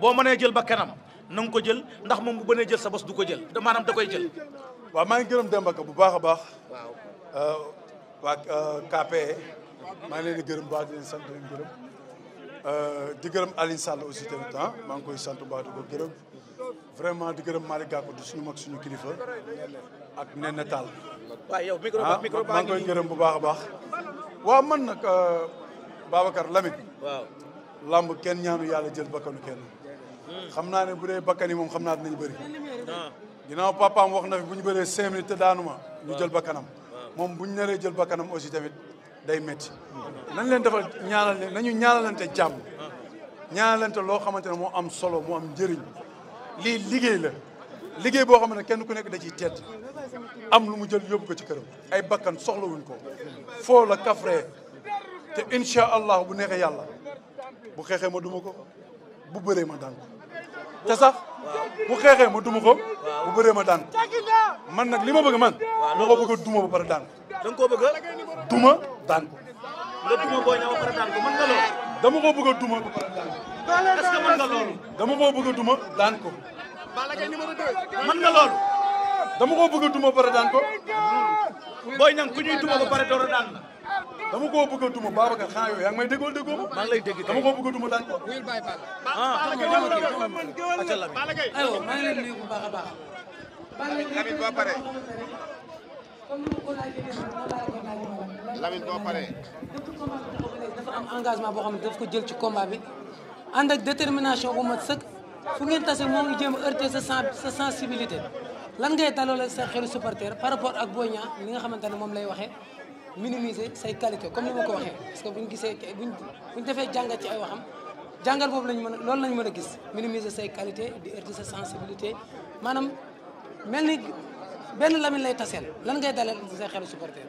boo mënee jël ba kenam na nga ko jël ndax moom bu jël sa bos du ko jël maanaam da koy jël. waaw maa ngi gërëm Demba Ka bu baax a baax. waaw euh, waa euh, KPE maa ngi leen di gërëm baax di leen sant di leen gërëm euh, di gërëm Alioune Sall aussi tamit ah maa ngi koy sant baax di ko gërëm vraiment di gërëm Malick Gakou di suñu mag suñu kilifa ak Néné Tall. waaw yow micro ah, ngi koy gërëm bu baax a baax. waaw man na Babacar Lamine. waaw lamb kenn ñaanu yàlla jël bakkanu kenn. xam naa ne bu dee yi moom xam naa dinañ bëri ginnaaw papaam wax na fi bu ñu bëree cinq minutes te daanuma ñu jël bakkanam moom bu ñu naree jël bakkanam aussi tamit day metti nan leen defal ñaanal leen nañu ñaanalante jàmm ñaanalante loo xamante ne moo am solo moo am njëriñ lii liggéey la liggéey boo xam ne kenn ku nekk da ciy tedd am lu mu jël yóbbu ko ci këram ay bakkan soxlawuñ ko foo la kafree te incha allah bu neexee yàlla bu xeexee ma duma ko bu bëree ma daan te sax bu xeexee ma duma ko bu bëree ma daan man nag li ma bëgg man moo ko bëgg a duma ba pare daan da nga koo bëgg a duma daan ko nga duma booy ñëw ba pare daan ko mën nga loolu dama koo bëgg a duma ba pare daan ko est-ce que nga loolu dama koo bëgg a duma daan ko Balla Gaye numéro 2 mën nga loolu dama koo bëgg a duma ba pare daan ko booy ñang ku ñuy a dama koo bëgg a duma Babacar xaa yooyu yaa ngi may déggoo déggoo ma. maa ngi lay dégg tey dama koo bëgg a duma daan ko. wuyul Baye Balla. ah xam nga dama kii xam nga man gëwal la. aywa maa ngi leen di nuyu bu baax a baax. Lamine boo paree. Lamine boo paree. dafa am engagement boo xam ne daf ko jël ci combat bi ànd ak détermination bu mat sëkk fu ngeen tase moo ngi jéem a heurter sa sa sensibilité lan ngay daloo la sa xelu supporter par rapport ak Boy Niang li nga xamante ne moom lay waxee. minimiser say qualité comme ni ma ko waxee parce que buñ gisee buñ buñ defee jàngat ci ay waxam jàngal boobu lañ mën a loolu lañ mën a gis minimiser say qualité di heurter sa sensibilité maanaam mel ni benn Lamine lay taseel lan ngay dalal sa xelu supporter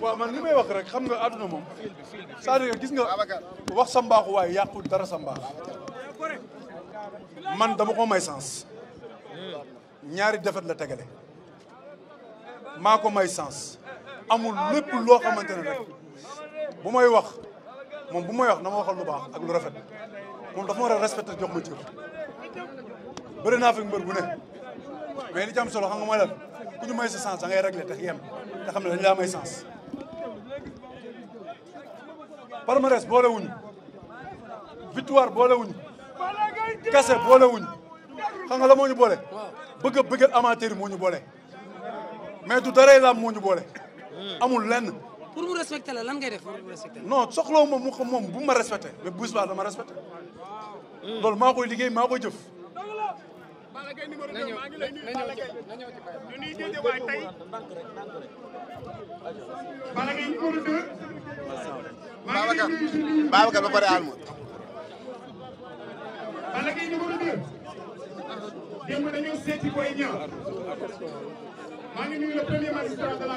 waaw man li may wax rek xam nga àdduna moom c'est-à-dire gis nga wax sa mbaaxu waaye yàqul dara sa mbaax man dama ko may sens ñaari defet la tegale maa ko may sens amul lépp loo xamante ne rek bu may wax moom bu may wax na ma waxal lu baax ak lu rafet moom dafa ma war a respecté jox ma cër bëri naa fi mbër bu ne mais li ci am solo xam nga mooy lan ku ñu may sa sens da ngay réglé te yem te xam ne dañu laa may sens. palmarès boolewuñu victoire boolewuñu kese boolewuñu xam nga la moo ñu boole bëgg a bëggal amateur moo ñu boole mais du daray laam moo ñu boole. amul lenn. pour mu respecter la lan ngay def pour mu respecter la. non soxla moom mu xam moom bu ma respecté mais bu subaa dama respecté. loolu maa koy liggéey maa koy jëf. Balla Gaye numéro 2 maa ngi lay nuyu Balla Gaye maa ngi nuyu le premier magistrat de la